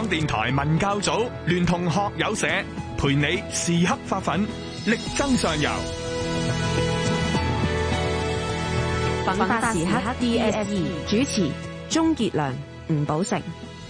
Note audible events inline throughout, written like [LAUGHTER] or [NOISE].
港電台文教組聯同學友社，陪你時刻發奮，力爭上游。奮發時刻 D S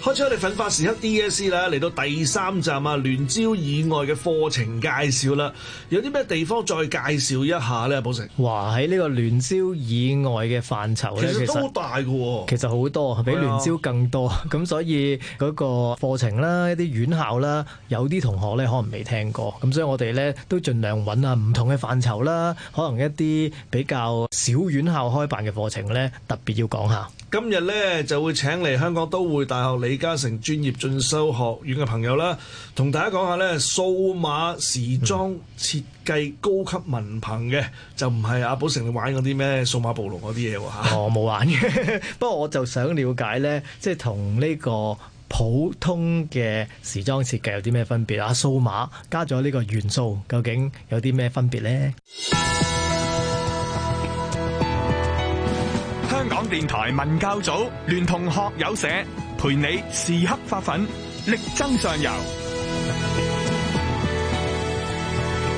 開始我哋奮發時刻 D.S.C 啦，嚟到第三站啊，聯招以外嘅課程介紹啦，有啲咩地方再介紹一下咧，阿寶成？哇，喺呢個聯招以外嘅範疇咧，其實都好大嘅喎。其實好多，比聯招更多。咁所以嗰個課程啦，一啲院校啦，有啲同學咧可能未聽過。咁所以我哋咧都盡量揾下唔同嘅範疇啦，可能一啲比較小院校開辦嘅課程咧，特別要講一下。今日咧就會請嚟香港都會大學李嘉誠專業進修學院嘅朋友啦，同大家講下咧數碼時裝設計高級文憑嘅、嗯，就唔係阿寶成你玩嗰啲咩數碼暴龍嗰啲嘢喎嚇。我冇玩嘅， [LAUGHS] 不過我就想了解咧，即係同呢個普通嘅時裝設計有啲咩分別？啊，數碼加咗呢個元素，究竟有啲咩分別咧？香港電台文教組聯同學友社陪你時刻發奮，力爭上游。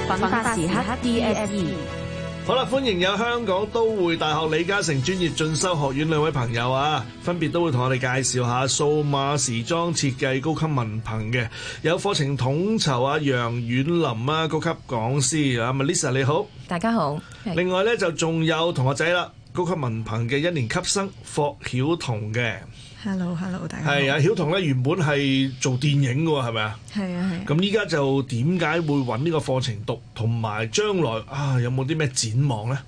奮發時刻 D S E。好啦，歡迎有香港都會大學李嘉誠專業進修學院兩位朋友啊，分別都會同我哋介紹下數碼時裝設計高級文憑嘅有課程統籌阿楊婉琳啊，高級講師啊，咪 Lisa 你好，大家好。另外咧就仲有同學仔啦。高級文憑嘅一年級生霍曉彤嘅。Hello，Hello，大家。係啊，曉彤咧原本係做電影嘅喎，係咪啊？係啊係。咁依家就點解會揾呢個課程讀，同埋將來啊有冇啲咩展望呢？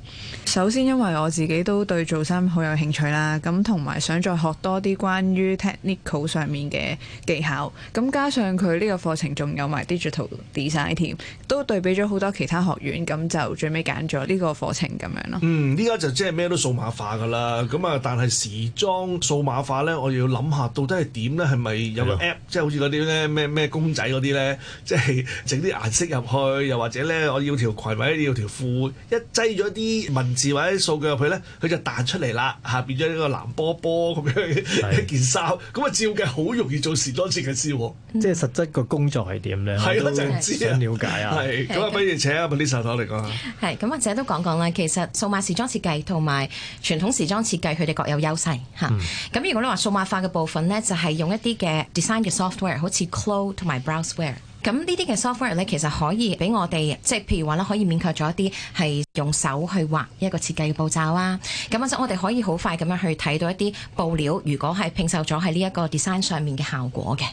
首先因為我自己都對做衫好有興趣啦，咁同埋想再學多啲關於 technical 上面嘅技巧，咁加上佢呢個課程仲有埋 digital design 添，都對比咗好多其他學院，咁就最尾揀咗呢個課程咁樣咯。嗯，依家就即係咩都數碼化噶啦，咁啊但係時裝數碼化呢。我要諗下，到底係點咧？係咪有個 app，即係好似嗰啲咧咩咩公仔嗰啲咧，即係整啲顏色入去，又或者咧，我要條裙或者要條褲，一擠咗啲文字或者數據入去咧，佢就彈出嚟啦，下變咗一個藍波波咁樣一件衫。咁啊，照計好容易做時裝設計師喎，啊，即、嗯、係實質個工作係點咧？係啊，真、就、係、是、想了解啊。係，咁啊，不如請阿 Melissa 攞嚟講下。係，咁或者都講講啦。其實數碼時裝設計同埋傳統時裝設計，佢哋各有優勢嚇。咁、嗯、如果你話畫化嘅部分呢，就係用一啲嘅 design 嘅 software，好似 Clo 同埋 Browzwear。咁呢啲嘅 software 呢，其實可以俾我哋，即係譬如話咧，可以免卻咗一啲係用手去畫一個設計嘅步驟啊。咁或者我哋可以好快咁樣去睇到一啲布料，如果係拼湊咗喺呢一個 design 上面嘅效果嘅。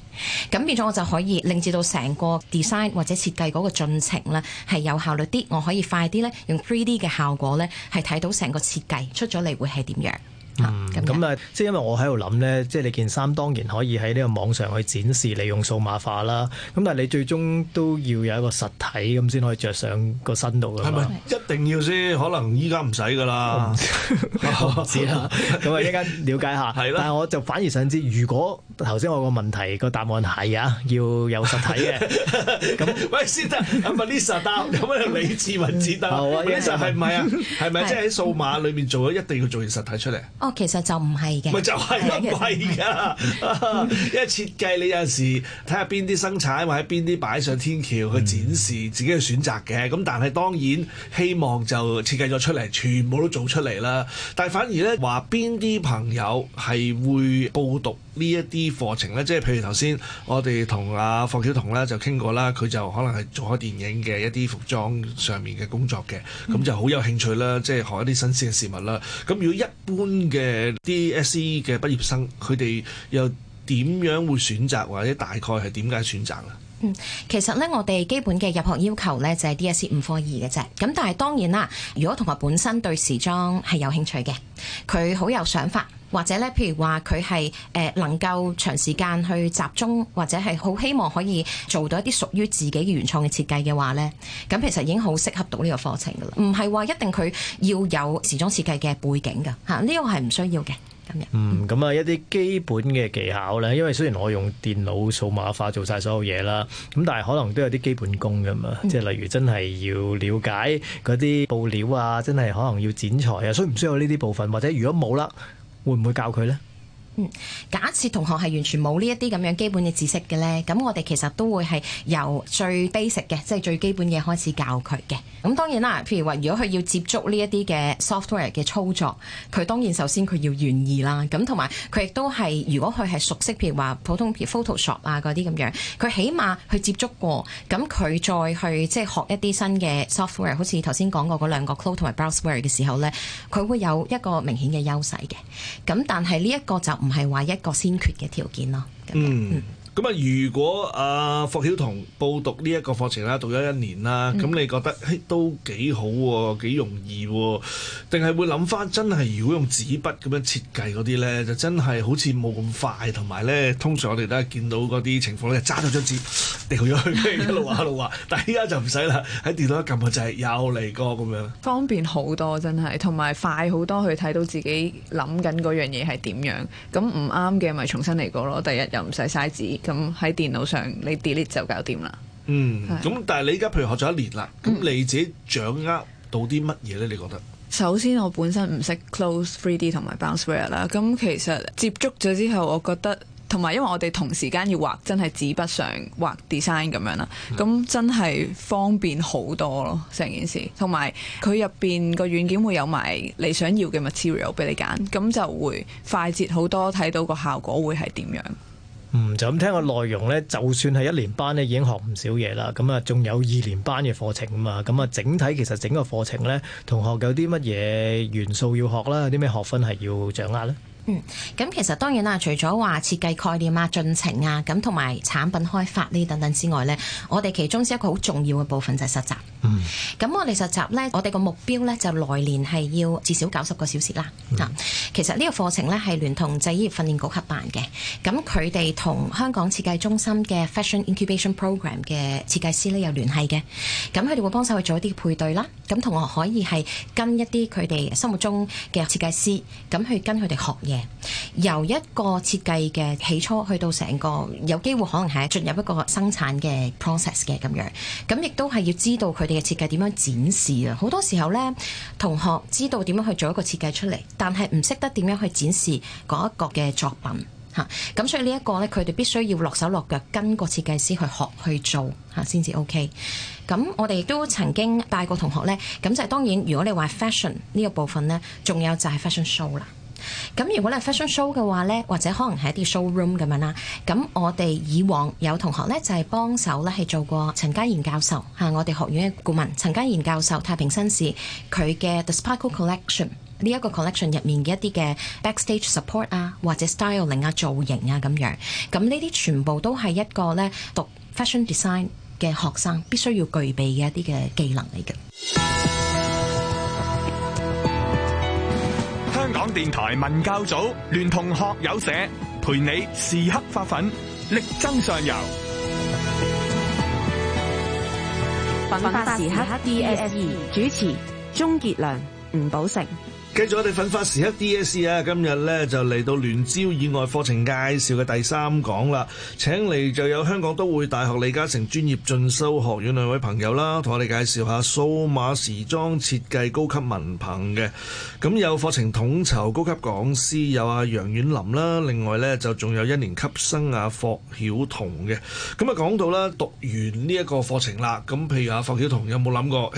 咁變咗我就可以令至到成個 design 或者設計嗰個進程呢係有效率啲。我可以快啲呢，用 3D 嘅效果呢，係睇到成個設計出咗嚟會係點樣。嗯，咁啊，即係因為我喺度諗咧，即係你件衫當然可以喺呢個網上去展示，利用數碼化啦。咁但係你最終都要有一個實體咁先可以着上個身度嘅。係咪一定要先？可能依家唔使噶啦。唔知啦。咁 [LAUGHS] 啊，依 [LAUGHS] 家了解下。係但係我就反而想知，如果頭先我個問題個答案係啊，要有實體嘅。咁， [LAUGHS] 喂，先得。咁 [LAUGHS] 咪 Lisa 答？有理李志文指答。好啊。Lisa，係唔係啊？係咪即係喺數碼裏面做咗，一定要做件實體出嚟？其實就唔係嘅，咪就係咁貴㗎。 [LAUGHS] 因為設計你有時睇下邊啲生產，或者邊啲擺上天橋去展示自己嘅選擇嘅。咁但係當然希望就設計咗出嚟，全部都做出嚟啦。但係反而呢，話邊啲朋友係會報讀呢一啲課程呢？即係譬如頭先我哋同阿霍曉彤咧就傾過啦，佢就可能係做開電影嘅一啲服裝上面嘅工作嘅，咁就好有興趣啦，即係學一啲新鮮嘅事物啦。咁如果一般嘅嘅 DSE 嘅畢業生，佢哋又點樣會選擇，或者大概係點解選擇咧？嗯，其實咧，我哋基本嘅入學要求咧就係 DSE 五科二嘅啫。咁但係當然啦，如果同學本身對時裝係有興趣嘅，佢好有想法。或者咧，譬如話佢係誒能夠長時間去集中，或者係好希望可以做到一啲屬於自己嘅原創嘅設計嘅話咧，咁其實已經好適合讀呢個課程噶啦。唔係話一定佢要有時裝設計嘅背景噶嚇，呢個係唔需要嘅。咁樣嗯，咁啊一啲基本嘅技巧咧，因為雖然我用電腦數碼化做曬所有嘢啦，咁但係可能都有啲基本功噶嘛，即係例如真係要了解嗰啲布料啊，真係可能要剪裁啊，需唔需要呢啲部分？或者如果冇啦？會唔會教佢咧？嗯、假設同學係完全冇呢一啲咁樣基本嘅知識嘅呢，咁我哋其實都會係由最 basic 嘅，即係最基本嘅開始教佢嘅。咁當然啦，譬如話，如果佢要接觸呢一啲嘅 software 嘅操作，佢當然首先佢要願意啦。咁同埋佢亦都係，如果佢係熟悉，譬如話普通 Photoshop 啊嗰啲咁樣，佢起碼去接觸過，咁佢再去即係學一啲新嘅 software，好似頭先講過嗰兩個 CLO 同埋 Browzwear 嘅時候呢，佢會有一個明顯嘅優勢嘅。咁但係呢一個就，唔係話一個先決嘅條件咯。咁樣。嗯嗯。咁啊！如果啊霍曉彤報讀呢一個課程啦，讀咗一年啦，咁、嗯、你覺得都幾好喎、啊，幾容易喎、啊？定係會諗翻真係？如果用紙筆咁樣設計嗰啲咧，就真係好似冇咁快，同埋咧，通常我哋都係見到嗰啲情況咧，揸到張紙掉咗去，一路畫一路畫 [LAUGHS] 但係依家就唔使啦，喺電腦一撳就係、是、又嚟過咁樣，方便好多，真係同埋快好多去睇到自己諗緊嗰樣嘢係點樣。咁唔啱嘅咪重新嚟過咯。第一又唔使嘥紙。咁喺電腦上，你 delete 就搞掂啦。嗯，咁但係你而家譬如學咗一年啦，咁你自己掌握到啲乜嘢呢、嗯？你覺得？首先我本身唔識 close 3D 同埋 bounceware 啦，咁其實接觸咗之後，我覺得同埋因為我哋同時間要畫真係紙筆上畫 design 咁樣啦，咁真係方便好多咯，成件事。同埋佢入邊個軟件會有埋你想要嘅 material 俾你揀，咁就會快捷好多，睇到個效果會係點樣？嗯，就咁聽個內容呢，就算係一年班呢，已經學唔少嘢啦。咁啊，仲有二年班嘅課程啊嘛。咁、嗯、啊，整體其實整個課程呢，同學有啲乜嘢元素要學啦？有啲咩學分係要掌握呢？咁、嗯、其實當然啦，除咗話設計概念啊、進程啊，咁同埋產品開發呢等等之外呢，我哋其中一個好重要嘅部分就係實習。咁、嗯、我哋實習呢，我哋個目標呢就來年係要至少九十個小時啦。嗯、啊，其實呢個課程呢係聯同製衣業訓練局合辦嘅，咁佢哋同香港設計中心嘅 Fashion Incubation Program 嘅設計師呢有聯繫嘅，咁佢哋會幫手去做一啲配對啦，咁同學可以係跟一啲佢哋心目中嘅設計師，咁去跟佢哋學嘢。由一個設計嘅起初去到成個有機會可能係進入一個生產嘅 process 嘅咁樣，咁亦都係要知道佢哋嘅設計點樣展示啊！好多時候呢，同學知道點樣去做一個設計出嚟，但係唔識得點樣去展示嗰一個嘅作品吓，咁、啊、所以呢一個呢，佢哋必須要落手落腳跟個設計師去學去做吓，先、啊、至 OK。咁、啊、我哋亦都曾經帶過同學呢。咁就係當然，如果你話 fashion 呢個部分呢，仲有就係 fashion show 啦。咁如果係 fashion show 嘅話呢，或者可能係一啲 show room 咁樣啦。咁我哋以往有同學呢，就係幫手呢，係做過陳嘉賢教授吓，我哋學院嘅顧問陳嘉賢教授太平紳士佢嘅 The Sparkle Collection 呢一個 collection 入面嘅一啲嘅 backstage support 啊，或者 styling 啊、造型啊咁樣。咁呢啲全部都係一個呢讀 fashion design 嘅學生必須要具備嘅一啲嘅技能嚟嘅。港電台文教組聯同學友社陪你時刻發奮，力爭上游。奮發時刻 DSE 主持：鍾杰良、吳寶成。繼續我哋奮發時刻 D.S. 啊，今日咧就嚟到聯招以外課程介紹嘅第三講啦，請嚟就有香港都會大學李嘉誠專業進修學院兩位朋友啦，同我哋介紹下數碼時裝設計高級文憑嘅，咁有課程統籌高級講師有阿楊婉琳啦，另外咧就仲有一年級生啊霍曉彤嘅，咁啊講到啦，讀完呢一個課程啦，咁譬如啊霍曉，霍曉彤有冇諗過？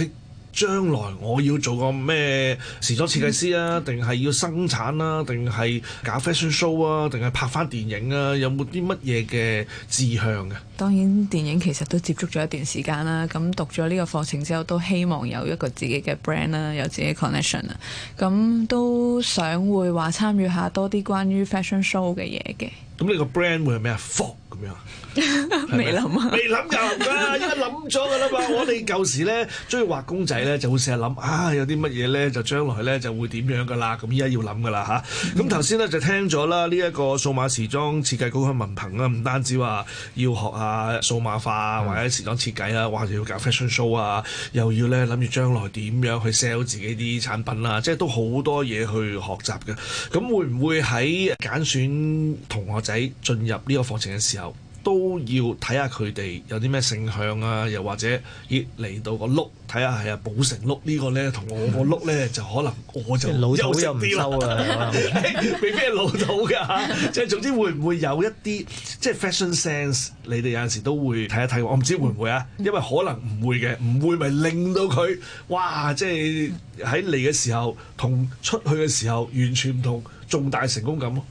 將來我要做個咩時裝設計師啊？定係要生產啊？定係搞 fashion show 啊？定係拍翻電影啊？有冇啲乜嘢嘅志向嘅、啊？當然電影其實都接觸咗一段時間啦、啊。咁讀咗呢個課程之後，都希望有一個自己嘅 brand 啦、啊，有自己 connection 啊。咁都想會話參與下多啲關於 fashion show 嘅嘢嘅。咁你個 brand 會係咩啊？服咁樣。未諗啊？未諗就唔啦。依家諗咗噶啦嘛。 [LAUGHS] 我哋舊時咧，中意畫公仔咧，就會成日諗啊。有啲乜嘢咧，就將來咧就會點樣噶啦。咁依家要諗噶啦吓。咁頭先咧就聽咗啦。呢一個數碼時裝設計高級文憑啊，唔單止話要學下數碼化、嗯、或者時裝設計啊，話要搞 fashion show 啊，又要咧諗住將來點樣去 sell 自己啲產品啦。即係都好多嘢去學習嘅。咁會唔會喺揀選同學仔進入呢個課程嘅時候，都要睇下佢哋有啲咩性向啊，又或者而嚟到個碌睇下係啊，寶城碌呢個咧同我個碌咧就可能我就老土又唔收啦，未必係老土㗎，即係總之會唔會有一啲即係 fashion sense，你哋有陣時都會睇一睇，我唔知會唔會啊，因為可能唔會嘅，唔會咪令到佢哇，即係喺嚟嘅時候同出去嘅時候完全唔同，重大成功感咯。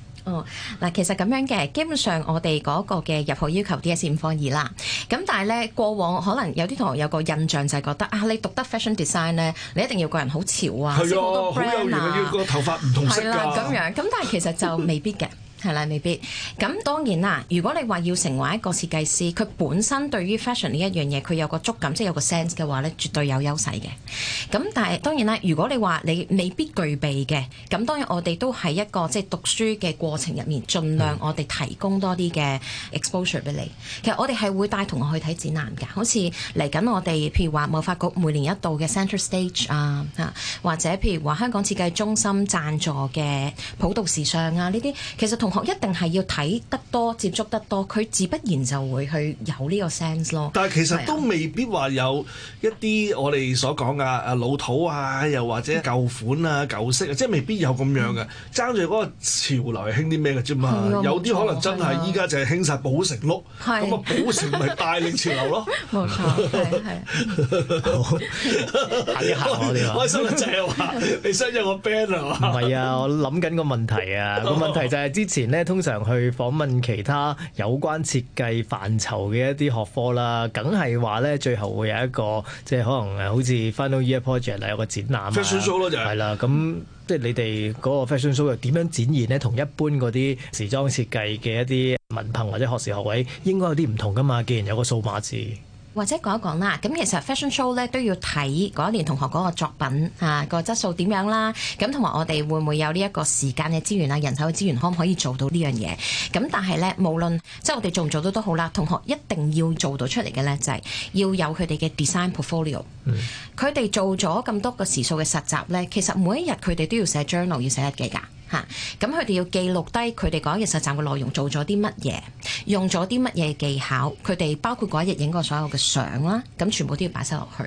嗱，其實咁樣嘅，基本上我哋嗰個嘅入學要求 DSE 五方二啦。咁但係咧，過往可能有啲同學有個印象就係覺得啊，你讀得 fashion design 咧，你一定要個人好潮啊，識好、啊、多 brand 啊，好有型嘅個頭髮唔同色㗎。咁、啊、樣，咁但係其實就未必嘅。 [LAUGHS] 係啦，未必。咁當然啦，如果你話要成為一個設計師，佢本身對於 fashion 呢一樣嘢，佢有個觸感，即係有個 sense 嘅話咧，絕對有優勢嘅。咁但係當然啦，如果你話你未必具備嘅，咁當然我哋都喺一個即係、就是、讀書嘅過程入面，盡量我哋提供多啲嘅 exposure 俾你。其實我哋係會帶同學去睇展覽㗎，好似嚟緊我哋譬如話，貿發局每年一度嘅 Central Stage 啊，吓，或者譬如話香港設計中心贊助嘅普渡時尚啊，呢啲其實同一定係要睇得多、接觸得多，佢自不然就會去有呢個 sense 咯。但係其實都未必話有一啲我哋所講嘅啊老土啊，又或者舊款啊、舊式啊，即係未必有咁樣嘅。爭住嗰個潮流係興啲咩嘅啫嘛？有啲可能真係依家就係興晒寶城碌，咁啊寶城咪大力潮流咯、啊。冇錯，係 [LAUGHS] 啊，啊，啊！好睇下、啊啊啊啊啊、我哋啊，開心 [LAUGHS] 就係話你傷咗我 band 啊？唔係啊，我諗緊個問題啊，個 [LAUGHS] 問題就係之前。之前咧通常去訪問其他有關設計範疇嘅一啲學科啦，梗係話咧最後會有一個即係可能誒好似 Final Year Project 啊，有個展覽 Show 囉就、啊、係啦，咁即係你哋嗰個 Fashion Show 又點樣展現咧？同一般嗰啲時裝設計嘅一啲文憑或者學士學位應該有啲唔同㗎嘛？既然有個數碼字。或者講一講啦，咁其實 fashion show 咧都要睇嗰一年同學嗰個作品啊、嗰個質素點樣啦，咁同埋我哋會唔會有呢一個時間嘅資源啊、人手嘅資源，可唔可以做到呢樣嘢？咁但係咧，無論即係、就是、我哋做唔做到都好啦，同學一定要做到出嚟嘅咧，就係要有佢哋嘅 design portfolio。佢、mm. 哋做咗咁多個時數嘅實習咧，其實每一日佢哋都要寫 journal，要寫日記㗎。嚇！咁佢哋要記錄低佢哋嗰一日實習嘅內容，做咗啲乜嘢，用咗啲乜嘢技巧。佢哋包括嗰一日影過所有嘅相啦，咁全部都要擺晒落去。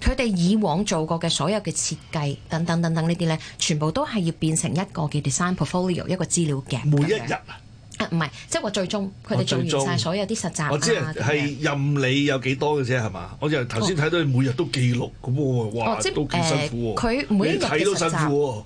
佢哋以往做過嘅所有嘅設計等等等等呢啲咧，全部都係要變成一個叫 design portfolio 一個資料嘅每一日啊？唔係，即係我最終佢哋做完晒所有啲實習，哦啊、我知係任你有幾多嘅啫，係嘛？我就頭先睇到你每日都記錄咁喎、哦，哇，哦、即都幾辛苦喎、啊！佢、呃、每一日實習都辛苦、啊。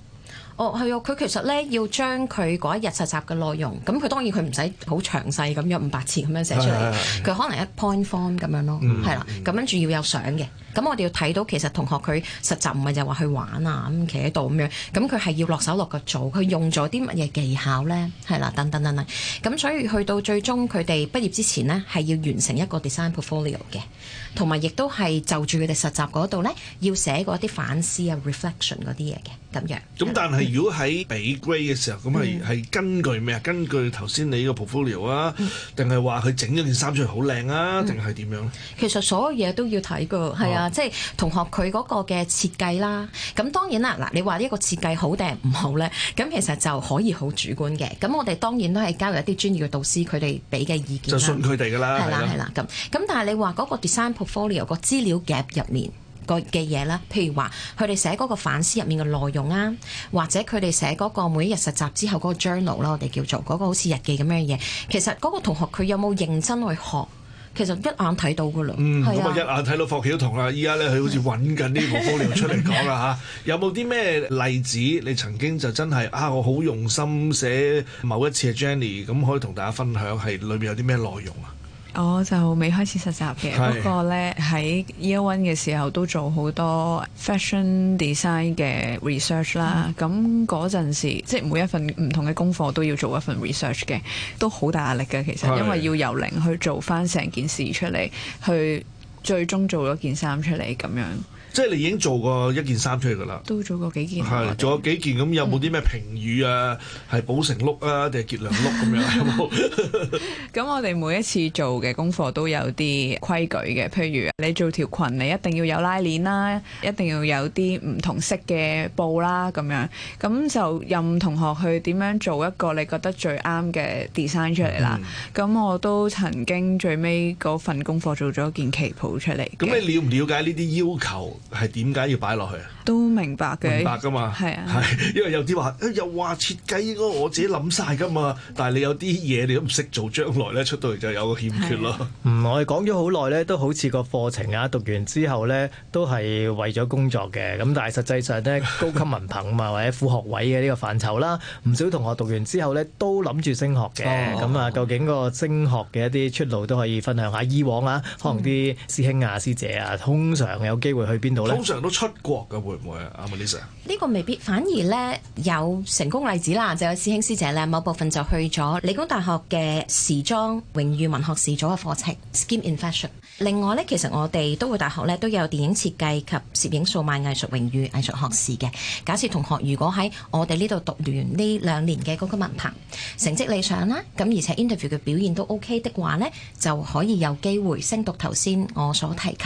哦，係啊，佢其實咧要將佢嗰一日實習嘅內容，咁佢當然佢唔使好詳細咁樣五百字咁樣寫出嚟，佢可能一 point form 咁樣咯，係、嗯、啦，咁跟住要有相嘅。咁我哋要睇到其實同學佢實習唔係就話去玩啊咁企喺度咁樣，咁佢係要落手落腳做，佢用咗啲乜嘢技巧咧？係啦，等等等等，咁所以去到最終佢哋畢業之前呢，係要完成一個 design portfolio 嘅，同埋亦都係就住佢哋實習嗰度咧，要寫過一啲反思啊 reflection 嗰啲嘢嘅，咁樣。咁但係如果喺比 grade 嘅時候，咁係、嗯、根據咩啊？根據頭先你個 portfolio 啊，定係話佢整咗件衫出嚟好靚啊，定係點樣？其實所有嘢都要睇噶，係啊。即係同學佢嗰個嘅設計啦，咁當然啦，嗱你話呢一個設計好定唔好呢？咁其實就可以好主觀嘅。咁我哋當然都係交由一啲專業嘅導師佢哋俾嘅意見就信佢哋噶啦，係啦係啦入。咁但係你話嗰個 design portfolio 個資料夾入面個嘅嘢啦，譬如話佢哋寫嗰個反思入面嘅內容啊，或者佢哋寫嗰個每一日實習之後嗰個 journal 啦，我哋叫做嗰、嗰個好似日記咁樣嘢。其實嗰個同學佢有冇認真去學？其實一眼睇到噶啦，嗯，咁啊一眼睇到霍曉彤啦，依家咧佢好似揾緊呢個資料出嚟講啦吓？ [LAUGHS] 有冇啲咩例子你曾經就真係啊我好用心寫某一次嘅 Jenny，咁可以同大家分享，係裏面有啲咩內容啊？我就未開始實習嘅，不過呢，喺 Year One 嘅時候都做好多 fashion design 嘅 research 啦。咁嗰陣時，即係每一份唔同嘅功課都要做一份 research 嘅，都好大壓力嘅。其實因為要由零去做翻成件事出嚟，去最終做咗件衫出嚟咁樣。即係你已經做過一件衫出嚟噶啦，都做過幾件，係做咗幾件咁、嗯、有冇啲咩評語啊？係補成碌啊，定係結良碌咁、啊、 [LAUGHS] 樣？咁 [LAUGHS] 我哋每一次做嘅功課都有啲規矩嘅，譬如你做條裙，你一定要有拉鏈啦、啊，一定要有啲唔同色嘅布啦、啊，咁樣，咁就任同學去點樣做一個你覺得最啱嘅 design 出嚟啦。咁、嗯、我都曾經最尾嗰份功課做咗件旗袍出嚟。咁、嗯、你了唔了解呢啲要求？係點解要擺落去啊？都明白嘅，明白噶嘛？係啊，係因為有啲話，又話設計應該我自己諗晒噶嘛。但係你有啲嘢你都唔識做，將來咧出到嚟就有個欠缺咯。嗯，我哋講咗好耐咧，都好似個課程啊，讀完之後咧都係為咗工作嘅。咁但係實際上咧，高級文憑啊或者副學位嘅呢個範疇啦，唔少同學讀完之後咧都諗住升學嘅。咁啊，究竟個升學嘅一啲出路都可以分享下。以往啊，可能啲師兄啊師姐啊，通常有機會去邊？通常都出國嘅會唔會啊，Melissa？呢個未必，反而呢，有成功例子啦。就有師兄師姐呢，某部分就去咗理工大學嘅時裝榮譽文學士組嘅課程，Scheme in Fashion。另外呢，其實我哋都會大學呢都有電影設計及攝影數碼藝術榮譽藝術學士嘅。假設同學如果喺我哋呢度讀完呢兩年嘅嗰個文憑，成績理想啦，咁而且 interview 嘅表現都 OK 的話呢，就可以有機會升讀頭先我所提及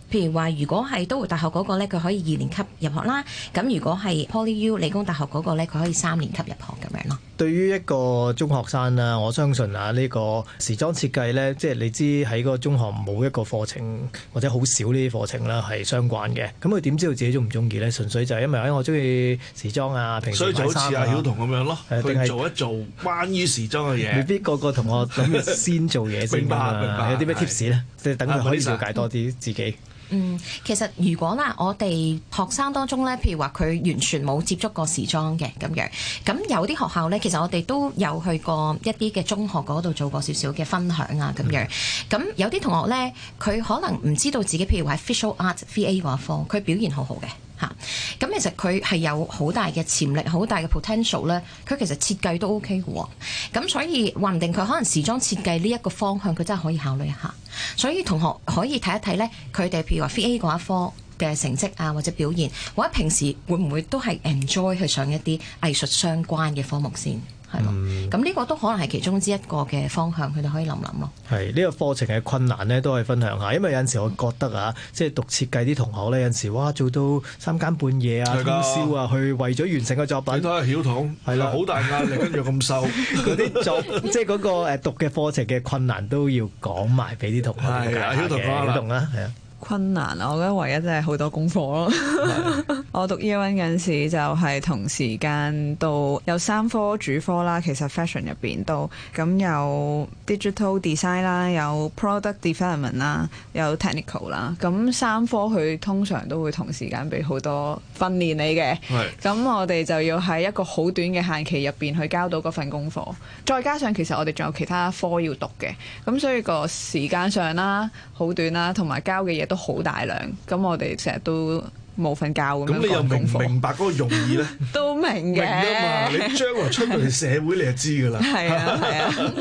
譬如話，如果係都會大學嗰個咧，佢可以二年級入學啦。咁如果係 PolyU 理工大學嗰個咧，佢可以三年級入學咁樣咯。對於一個中學生啊，我相信啊，呢個時裝設計咧，即係你知喺個中學冇一個課程，或者好少呢啲課程啦，係相關嘅。咁佢點知道自己中唔中意咧？純粹就係因為我中意時裝啊，平時就好似阿曉彤咁樣咯，定係做一做關於時裝嘅嘢。未必個個同學諗住先做嘢先㗎嘛？有啲咩 tips 咧？等佢可以瞭解多啲自己。嗯，其實如果啦，我哋學生當中咧，譬如話佢完全冇接觸過時裝嘅咁樣，咁有啲學校咧，其實我哋都有去過一啲嘅中學嗰度做過少少嘅分享啊咁樣，咁有啲同學咧，佢可能唔知道自己譬如話喺 Visual Art（VA） 嗰科，佢表現好好嘅。咁、嗯、其實佢係有好大嘅潛力，好大嘅 potential 咧。佢其實設計都 OK 嘅喎，咁所以話唔定佢可能時裝設計呢一個方向，佢真係可以考慮一下。所以同學可以睇一睇咧，佢哋譬如話 FA 嗰一科嘅成績啊，或者表現，或者平時會唔會都係 enjoy 去上一啲藝術相關嘅科目先。係咯，咁、嗯、呢個都可能係其中之一個嘅方向，佢哋可以諗諗咯。係呢、呢個課程嘅困難咧，都可以分享下，因為有陣時我覺得啊、嗯，即係讀設計啲同學咧，有陣時哇，做到三更半夜啊，通宵啊，去為咗完成個作品。睇下曉彤，係啦，好大壓力，跟住咁瘦，嗰 [LAUGHS] 啲些作， [LAUGHS] 即係嗰個誒讀嘅課程嘅困難都要講埋俾啲同學。係，曉彤啊，曉彤啊，係啊。困難我覺得唯一真係好多功課咯。 [LAUGHS] 我讀 year one 嗰陣時就係同時間到有三科主科啦。其實 fashion 入面都咁有 digital design 啦，有 product development 啦，有 technical 啦。咁三科佢通常都會同時間俾好多訓練你嘅。咁我哋就要喺一個好短嘅限期入面去交到嗰份功課。再加上其實我哋仲有其他科要讀嘅，咁所以個時間上啦好短啦，同埋交嘅嘢，都好大量，咁我哋成日都冇瞓覺咁你又明白嗰個用意咧？ [LAUGHS] 都明嘅。明啊嘛！你將來出到嚟社會，你就知噶啦。係啊係啊。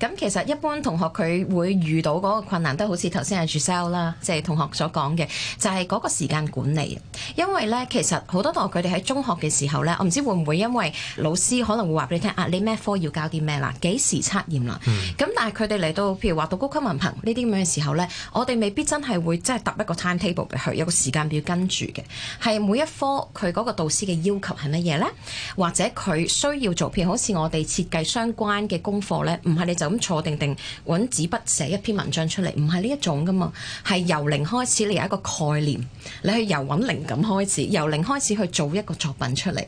咁、啊、 [LAUGHS] [LAUGHS] 其實一般同學佢會遇到嗰個困難，都好似頭先係住校啦，即、就、係、是、同學所講嘅，就係、是、嗰個時間管理。因為咧，其實好多同學佢哋喺中學嘅時候咧，我唔知會唔會因為老師可能會話俾你聽啊，你咩科要教啲咩啦，幾時測驗啦。咁、嗯、但係佢哋嚟到譬如話到高級文憑呢啲咁樣嘅時候咧，我哋未必真係會即係揼一個 time table 嘅，有個時間表跟住。係每一科佢嗰個導師嘅要求係乜嘢咧？或者佢需要做譬如，好似我哋設計相關嘅功課咧，唔係你就咁坐定定揾紙筆寫一篇文章出嚟，唔係呢一種噶嘛？係由零開始，你有一個概念，你去由揾靈感開始，由零開始去做一個作品出嚟，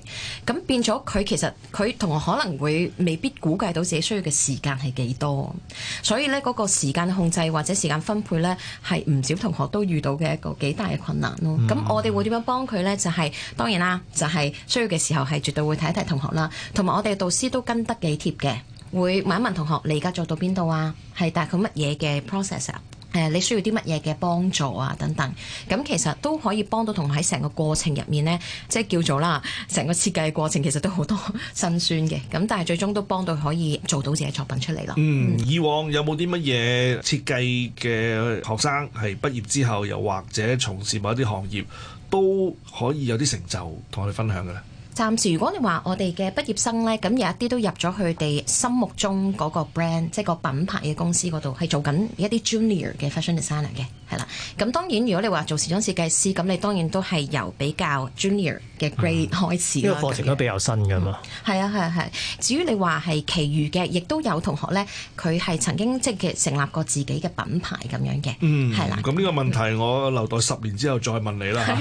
咁變咗佢其實佢同學可能會未必估計到自己需要嘅時間係幾多，所以咧嗰個時間控制或者時間分配咧，係唔少同學都遇到嘅一個幾大嘅困難咯。咁、嗯、我哋會。會點樣幫佢呢？就係當然啦，就係需要嘅時候係絕對會睇一睇同學啦。同埋我哋嘅導師都跟得幾貼嘅，會問一問同學，你而家做到邊度啊？係大概乜嘢嘅 process 啊？呃，你需要啲乜嘢嘅幫助啊？等等。咁其實都可以幫到同學喺成個過程入面呢，即係叫做啦，成個設計嘅過程其實都好多 [LAUGHS] 辛酸嘅。咁但係最終都幫到可以做到自己作品出嚟咯。嗯，嗯，以往有冇啲乜嘢設計嘅學生係畢業之後又或者從事某啲行業？都可以有啲成就同我哋分享嘅咧。暫時如果你話我哋嘅畢業生咧，咁有一啲都入咗佢哋心目中嗰個 brand，即係個品牌嘅公司嗰度，係做緊一啲 junior 嘅 fashion designer 嘅。係啦，咁當然如果你話做時裝設計師，咁你當然都係由比較 junior 嘅 grade 開始，呢個課程都比較新噶嘛。係、嗯、啊係啊係、啊。至於你話係其餘嘅，亦都有同學咧，佢係曾經即係成立過自己嘅品牌咁樣嘅。嗯，係啦。咁呢個問題我留待十年之後再問你啦。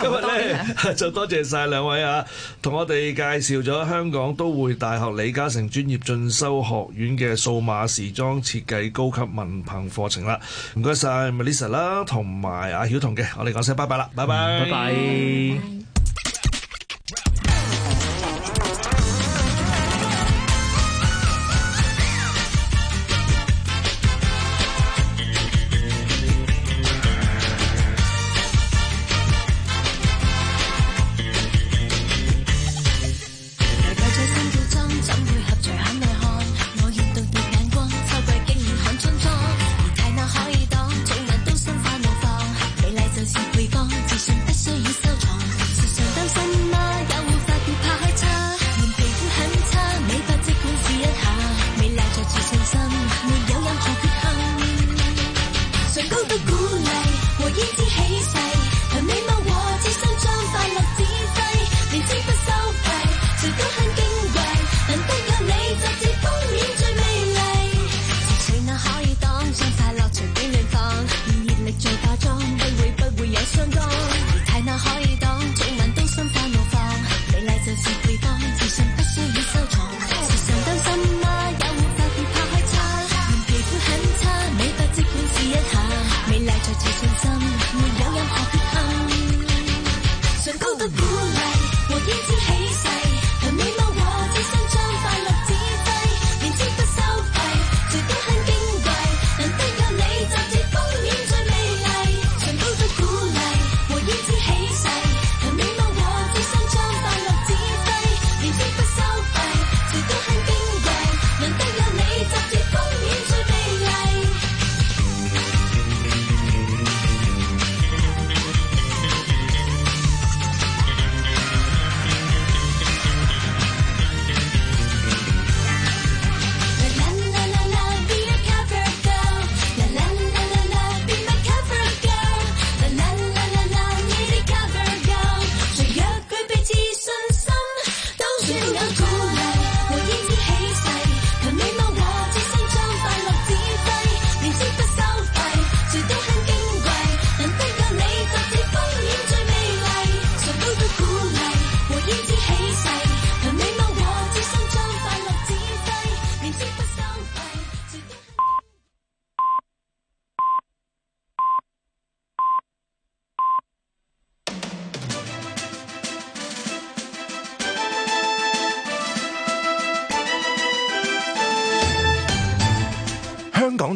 今日咧就多謝晒兩位啊，同我哋介紹咗香港都會大學李嘉誠專業進修學院嘅數碼時裝設計高級文憑課程啦。唔該晒。Lisa 啦，同埋阿曉彤嘅，我哋講聲拜拜啦，拜拜、嗯，拜拜。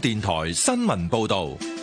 電台新聞報道。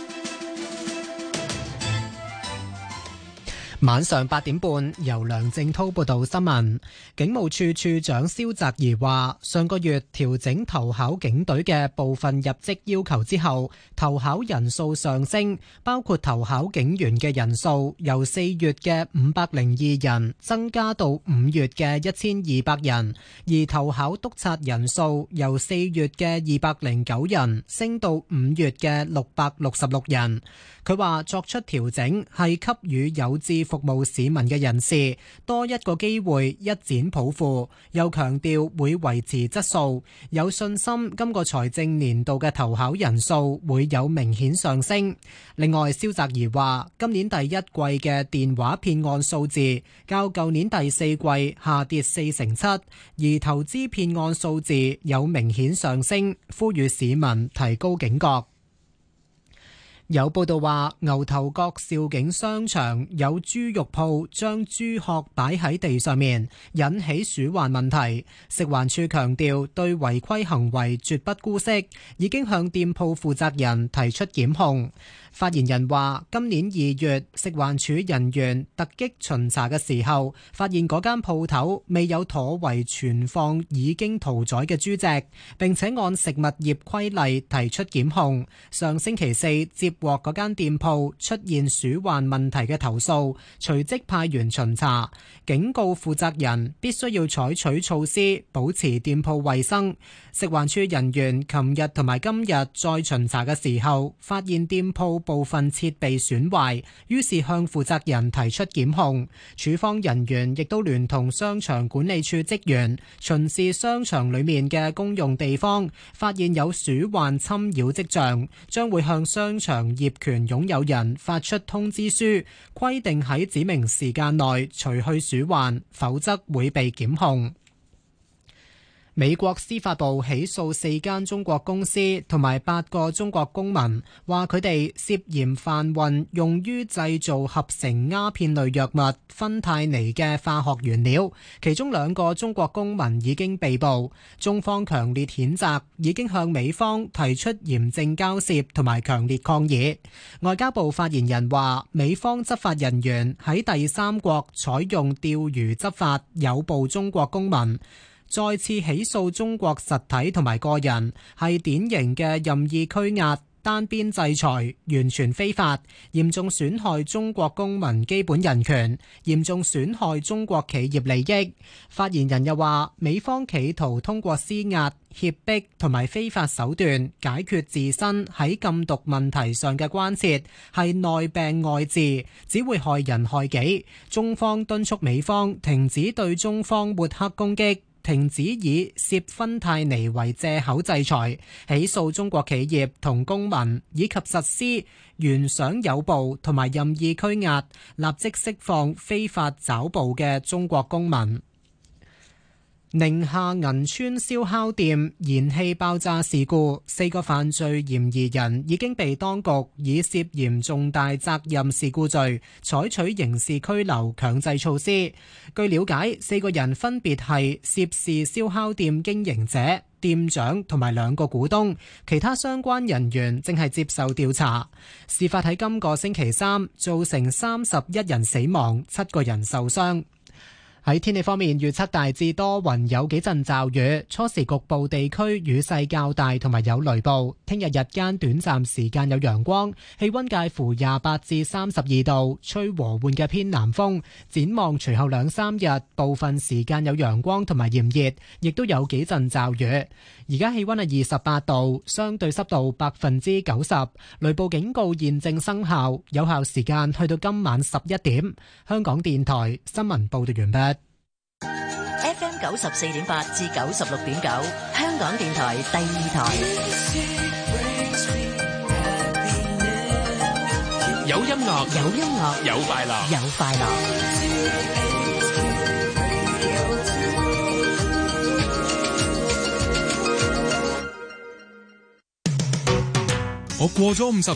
晚上八點半，由梁正濤報道新聞。警務處處長蕭澤頤話，上個月調整投考警隊嘅部分入職要求之後，投考人數上升，包括投考警員嘅人數由四月嘅五百零二人增加到五月嘅一千二百人，而投考督察人數由四月嘅二百零九人升到五月嘅六百六十六人。佢話作出調整係給予有志。服務市民嘅人士多一個機會一展抱負，又強調會維持質素，有信心今個財政年度嘅投考人數會有明顯上升。另外，蕭澤頤話今年第一季嘅電話騙案數字較舊年第四季下跌四成七，而投資騙案數字有明顯上升，呼籲市民提高警覺。有報道話，牛頭角肇景商場有豬肉鋪將豬殼擺喺地上面，引起鼠患問題。食環署強調對違規行為絕不姑息，已經向店鋪負責人提出檢控。發言人話：今年二月，食環署人員突擊巡查嘅時候，發現嗰間鋪頭未有妥為存放已經屠宰嘅豬隻，並且按食物業規例提出檢控。上星期四接獲嗰間店鋪出現鼠患問題嘅投訴，隨即派員巡查，警告負責人必須要採取措施保持店鋪衛生。食環署人員琴日同埋今日再巡查嘅時候，發現店鋪。部分設備損壞，於是向負責人提出檢控。處方人員亦都聯同商場管理處職員巡視商場裏面嘅公用地方，發現有鼠患侵擾跡象，將會向商場業權擁有人發出通知書，規定喺指明時間內除去鼠患，否則會被檢控。美國司法部起訴四間中國公司同埋八個中國公民，話佢哋涉嫌販運用於製造合成鴉片類藥物芬太尼嘅化學原料。其中兩個中國公民已經被捕。中方強烈譴責，已經向美方提出嚴正交涉同埋強烈抗議。外交部發言人話，美方執法人員喺第三國採用釣魚執法，誘捕中國公民。再次起訴中國實體同埋個人，係典型嘅任意拘押，單邊制裁，完全非法，嚴重損害中國公民基本人權，嚴重損害中國企業利益。發言人又話：美方企圖通過施壓、脅迫同埋非法手段解決自身喺禁毒問題上嘅關切，係內病外治，只會害人害己。中方敦促美方停止對中方抹黑攻擊。停止以涉芬太尼為藉口制裁起訴中國企業同公民，以及實施原想有步同埋任意拘押，立即釋放非法抓捕嘅中國公民。寧夏銀川燒烤店燃氣爆炸事故，四個犯罪嫌疑人已經被當局以涉嫌重大責任事故罪採取刑事拘留強制措施。據了解，四個人分別係涉事燒烤店經營者、店長同埋兩個股東，其他相關人員正係接受調查。事發喺今個星期三，造成三十一人死亡，七個人受傷。喺天氣方面預測大致多雲，有幾陣驟雨，初時局部地區雨勢較大同埋有雷暴。聽日日間短暫時間有陽光，氣溫介乎廿八至三十二度，吹和緩嘅偏南風。展望隨後兩三日，部分時間有陽光同埋炎熱，亦都有幾陣驟雨。而家氣溫係二十八度，相對濕度百分之九十，雷暴警告現正生效，有效時間去到今晚十一點。香港電台新聞報道完畢。FM 九十四點八至九十六點九，香港電台第二台，有音樂，有音樂，有快樂，有快樂。我過咗五十。